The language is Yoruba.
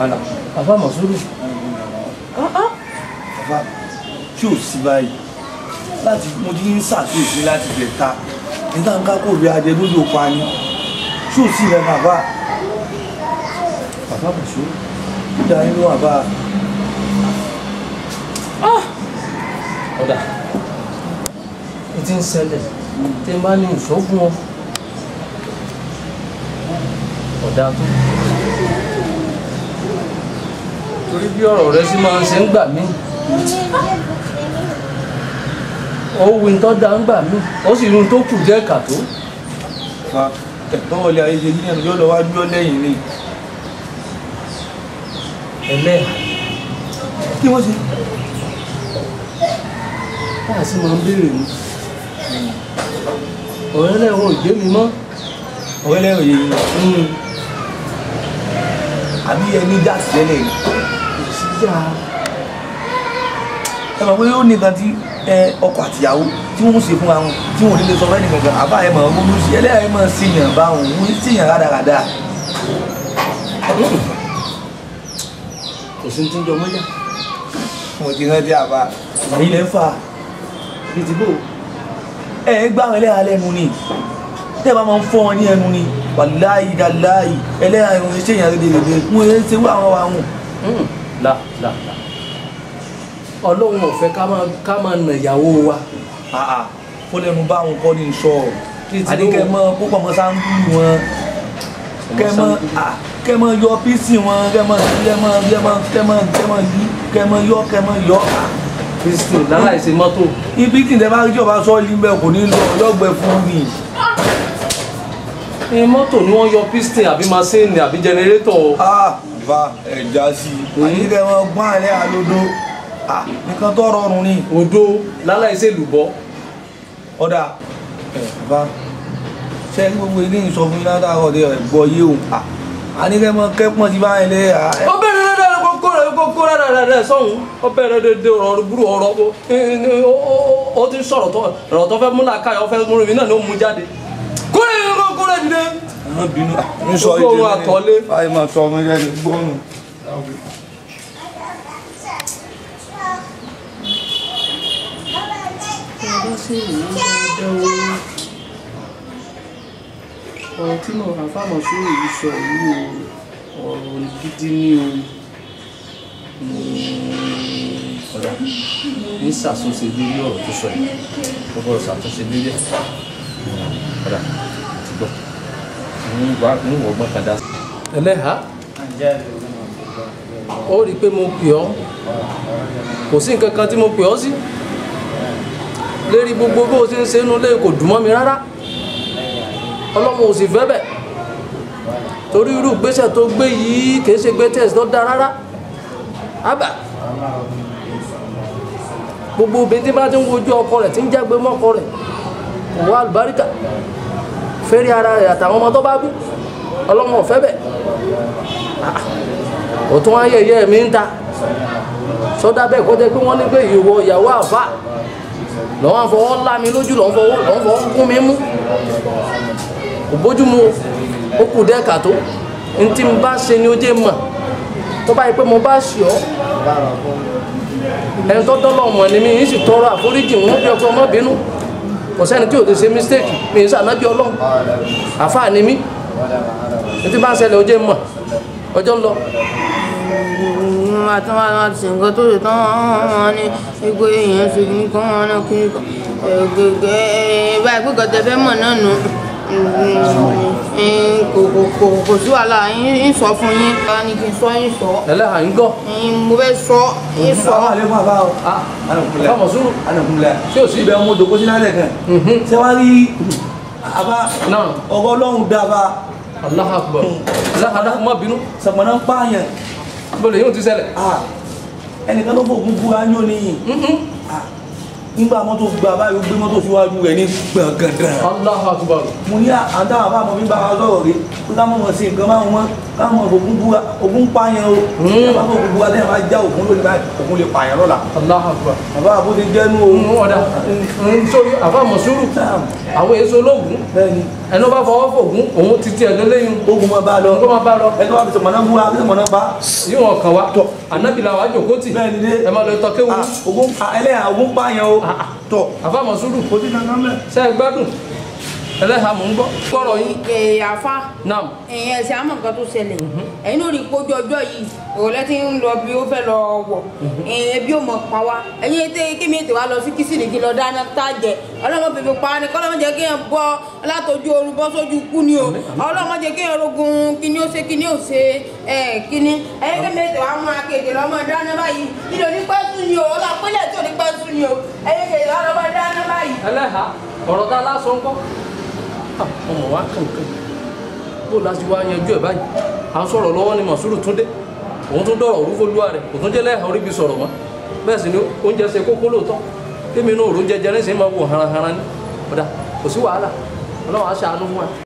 àlà bàbá mọ̀sùlù bàbá tí ò sí báyìí láti mo ti ń ṣàkíyèsí láti jẹ ta nígbà ńká kò rí ajẹ lójú òkú ani tí ò sí rẹ bàbá bàbá mọ̀sùlù ó dá inú bàbá. ọ̀dà ti ń ṣẹlẹ̀ tí bá ní ìṣògùn ọ̀dà tó torí bí ọ̀rọ̀ rẹ sí máa ń ṣe ń gbà mí ó win tó dá ń gbà mí ó sì run tó kù jẹ́ kàtó. tọ́wọ́ ilé ayé ṣe ní ẹnu yóò lọ wá dúró lẹ́yìn ni. ẹlẹ́yà kí wọ́n ṣe. báà sì máa ń béèrè mi ọ̀rẹ́ lẹ́wọ̀n ò jẹ́ mi mọ́. ọ̀rẹ́ lẹ́wọ̀n yẹ yín. Hmm. àbí ẹni dá sílẹ̀ lẹ́yìn jà ẹ mọ̀ pé ó ní nǹkan tí ọkọ àtìyàwó tí wọ́n ṣe fún wa wọn tí wọ́n nílé sọ fẹ́ nìkan kan àbá ẹ mọ̀ ọ́n ló ṣe ẹlẹ́yà ẹ mọ̀ sí yàn bá wọn wọ́n sí yàn rádaràda. kò sí ní tí ń jọ mọ́jà. mo ti rántí àbá èyí lè fà á bí ti bò ẹ gbá àwọn ẹlẹ́yà lẹ́nu ni tẹ́ bá máa ń fọ́ wọn ní ẹnu ni wàláyìí dàláyìí ẹlẹ́yà ẹ̀rùn iṣẹ́ rẹ̀ dèrè dèrè fún ẹ là là là ọlọ́run ò fẹ́ ká máa nà ìyàwó wa. Ah, ah. kó lẹ́nu bá àwọn kọ́ ní sọ ọ́ àdékẹ́ mọ́ púpọ̀ mọ́ sáńdúlù wọn kẹ́mọ́ ah, kẹ́mọ́ yọ píìsì wọn kẹ́mọ́ kẹ́mọ́ kẹ́mọ́ kẹ́mọ́ kẹ́mọ́ yí kẹ́mọ́ yọ kẹ́mọ́ yọ. kristu láláì ṣe mọ́tò. ibi tí ìdẹ́bà ìjọba sọ́ọ̀lì bẹ́ẹ̀ kò ní lọ ọlọ́gbẹ́ fún mi mọ́tò ni wọ́n yọ piston àbí machine àbí generator fa ẹja sí i àti ilẹ̀ wọn gbọ́n àlẹ́ àlódó nǹkan tó rọrùn ni. odó lálẹ́ iṣẹ́ lùbọ́. ọ̀dà bá ṣe ní gbogbo ilé ìsọfún yín látàkọ̀ dé ẹ̀gbọ́ yé o àní kẹ́ mọ kẹ́pọ̀n ti bá yẹn lé. ó bẹ̀rẹ̀ dáadáa ló kókó rẹ̀ kókó dáadáa rẹ̀ sọ̀hún ó bẹ̀rẹ̀ dédé ọ̀rọ̀ burú ọ̀rọ̀ ó ti sọ̀rọ̀ tó fẹ́ múlá káyọ̀ fẹ́ múlùmí náà ló mú jáde kó lè kókó rẹ̀ dìde má ọ̀rọ̀ tí mo rà fáwọn sí èyí sọ yìí o ọ̀rọ̀ gidi ni o ní ṣàtúnṣe lórí ọ̀rọ̀ tó sọ yìí ó ṣàtúnṣe lórí ọ̀rọ̀ ń wọgbọ́n kan dá. ẹlẹ́hà ó rí i pé mo pè ọ́ kò sí nǹkan kan tí mo pè ọ́ sí lérí gbogbo bó o ti ń ṣe inú ilé kò dùn mọ́ mi rárá ọlọ́run ò sì fẹ́ bẹ̀ torí irú ìgbésẹ̀ tó gbé yìí kìí ṣe gbé test tó dáa rárá ábà gbogbo obìnrin tí bá ti ń wojú ọkọ rẹ̀ tí ń jágbe mọ́kọ rẹ̀ kò wá àlùbáríkà. fẹ́rí ara rẹ̀ àtàwọn ọmọ tó bá bí ọlọ́mọ ọ̀fẹ́ bẹ̀ ò ah, tún wáyé mi ń ta sọ́dá bẹ́ẹ̀ kọ́jẹ́ pé wọ́n ní pé ìwọ ìyàwó fọwọ́ mi lójú lọ́wọ́n fọwọ́ gún mi mú kò bójú mu tọrọ àforíjì bí ọkọ kò sẹ́ni tí ò ti ṣe mistake mi ń sànábí ọlọ́run àfáà ni mí ní tí bá ń ṣẹlẹ̀ ojú mọ̀ ọjọ́ ń lọ. àti wọn àti ṣèǹkan tó ṣe tán wọn ní igbó èèyàn ṣe nǹkan wọn náà kí ẹgbẹgbẹ báyìí pé kọtẹ fẹ́ mọ̀ náà nù kò sí wàhálà yín sọ fún yín ká ní kí n sọ yín sọ. ẹlẹ́hà yín gbọ́. mo fẹ́ sọ yín sọ. àwọn àlékún àbá o. anakunlẹ famosu anakunlẹ. tí o sì bẹ ọmọ dogo sí lálẹ́ kan. Mhm. ṣé wàá rí àbá ọgọ́ ọlọ́run dábàá. Allahu Akbar mhm. bínú. sàmọ́nà ń pààyàn. yóò ti ṣẹlẹ̀. Ah, ẹnìkan ló fò gúgú ayọ́ nìyí nígbà mọ́tò gba báyìí ó gbé mọ́tò síwájú rẹ̀ ní gbọ̀ngàn. Allahu Akbar. mo ní àdáhà bá mọ̀ mi bá wa sọ̀rọ̀ rí kó dá mọ̀ mọ̀ sí nǹkan máa ń wọ́n káwọn ọmọ ògùn búwa ògùn pààyàn o bàbá ògùn búwa lẹ́yìn máa já ògùn lónìí báyìí ògùn lè pààyàn lọ́la. bàbá àbúté jẹ́nu o. Hmm, ọ̀dà nítorí hmm, àbá mọ̀súrù àwọn èso ológun ẹni bá fọwọ́ fògùn òun ti tiẹ̀ lé lẹ́yìn. ogun máa bá a lọ ogun máa bá a lọ. ẹni wàá fi sọmọnà búra fi sọmọnà pa. yíwọ̀n kan wa anabila wa jòkó tì ẹ máa lọ tọkẹ́ wọn. Ah, ẹlẹ́yà ogun pààyàn o. Ah, ah. àbá mọ̀súrù sẹ́ẹ̀ gbádùn ẹlẹ́sà mò ń gbọ́ gbọ́rọ̀ yín. ẹ àfa ẹ̀yin ẹ̀sìn àmọ̀ nǹkan tó ṣẹlẹ̀ mhm. ẹ̀yin ló rí ìpójú ọjọ́ yìí òòlẹ́ ń lọ bí ó fẹ́ lọ wọ̀ mhm. ẹbí ò mọ̀ pa wá ẹ̀yin ètè kémi ètè wa lọ sí kìsìnì kí lọ dáná tá ọlọ́mọ bèbè pa ni kọ́lọ́mọ jẹ́ kéèyàn bọ́ látọjú ooru bọ́ sójú kú ni o ọlọ́mọ jẹ́ kéèyàn rogun kíni ó ṣe kíni ó ṣe ẹ̀ kíni ẹ̀yin kémi ètè wa mú akéde lọ́mọ dáná báyìí ìdò nípa sùn ni o ọlọ́ tí ò nípa sùn ni o ẹ̀yin kéde wa lọ́mọ dáná báyìí. ẹlẹ́ha ọ̀rọ̀ tá lásán kọ́ Ah, ọmọ wa kankan bó láti wá yanjú ẹ̀ báyìí à ń sọ̀rọ̀ lọ́wọ́ ni mọ̀súrù túndé òun tún dọ̀rọ̀ orúfó lúwa rẹ̀ kò tún jẹ́ lẹ́hà orí bi sọ̀rọ̀ mọ́ bẹ́ẹ̀ sì ni oúnjẹ ṣe kókó lóòótọ́ tèmi náà òrò jẹjẹrẹ sì máa wò haranharan ní ọ̀dà kò sí wàhálà ọlọ́run á fún wa